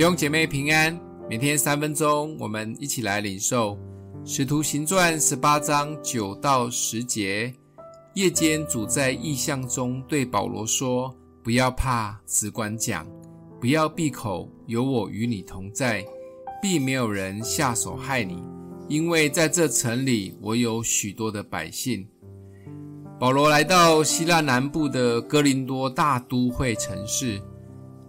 弟兄姐妹平安，每天三分鐘，我們一起來領受《使徒行傳》十八章九到十節。夜間主在異象中對保羅說：“不要怕，只管講，不要閉口，有我與你同在，必沒有人下手害你，因為在這城裡我有許多的百姓。”保羅來到希臘南部的哥林多大都會城市。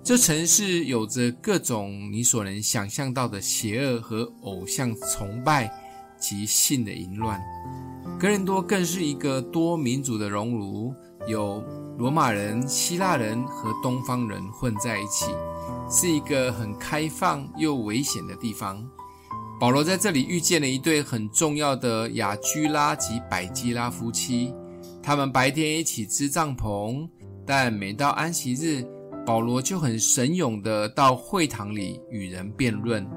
這城市有着各種你所能想象到的邪惡和偶像崇拜及性的淫亂。哥林多更是一個多民族的熔爐，有羅馬人、希臘人和東方人混在一起，是一個很開放又危險的地方。保羅在這裡遇見了一對很重要的亞居拉及百基拉夫妻，他們白天一起織帳篷，但每到安息日。保羅就很神勇的到會堂裡與人辯論，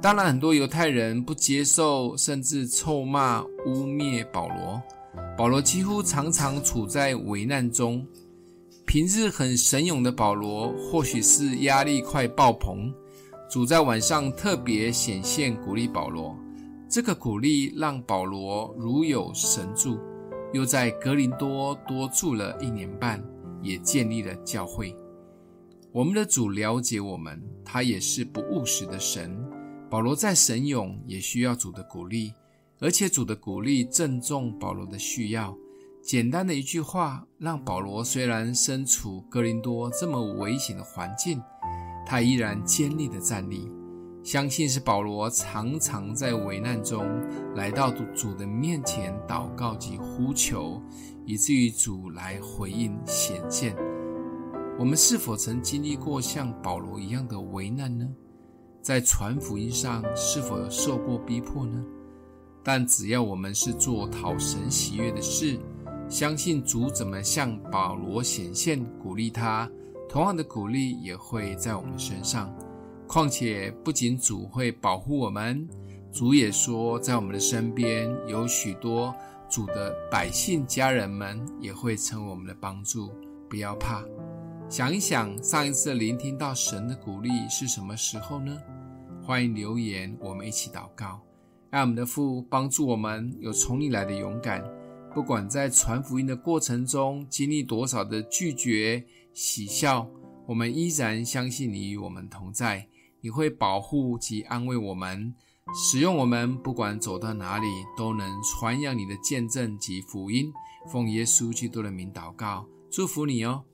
當然很多猶太人不接受，甚至臭罵污衊保羅。保羅幾乎常常處在危難中，平日很神勇的保羅，或許是壓力快爆棚。主在晚上特別顯現鼓勵保羅，這個鼓勵讓保羅如有神助，又在哥林多多住了一年半，也建立了教會。我們的主了解我們，他也是不誤時的神。保羅再神勇，也需要主的鼓勵，而且主的鼓勵正中保羅的需要。簡單的一句話，讓保羅雖然身處哥林多這麼危險的環境，他依然堅立的站立。相信是保羅常常在危難中來到主的面前禱告及呼求，以至於主來回應顯現。我們是否曾經歷過像保羅一樣的危難呢？在傳福音上是否有受過逼迫呢？但只要我們是做討神喜悅的事，相信主怎麼向保羅顯現鼓勵他，同樣的鼓勵也會在我們身上。況且，不僅主會保護我們，主也說，在我們的身邊有許多主的百姓家人們也會成為我們的幫助，不要怕。想一想，上一次聆聽到神的鼓勵是什麼時候呢？歡迎留言，我們一起禱告，愛我們的父，幫助我們有從你來的勇敢。不管在傳福音的過程中經歷多少的拒絕、嘻笑，我們依然相信你與我們同在，你會保護及安慰我們，使用我們。不管走到哪裡，都能傳揚你的見證及福音。奉耶穌基督的名禱告，祝福你哦。